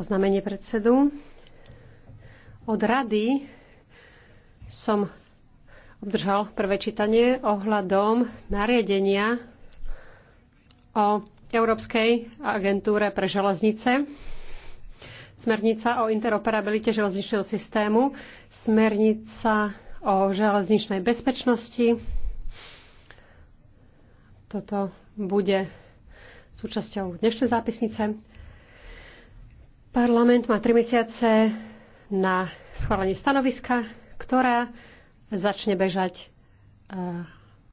oznámenie predsedu. Od rady som obdržal prvé čítanie ohľadom nariadenia o Európskej agentúre pre železnice, smernica o interoperabilite železničného systému, smernica o železničnej bezpečnosti. Toto bude súčasťou dnešnej zápisnice. Parlament má tri mesiace na schválenie stanoviska, ktorá začne bežať eh,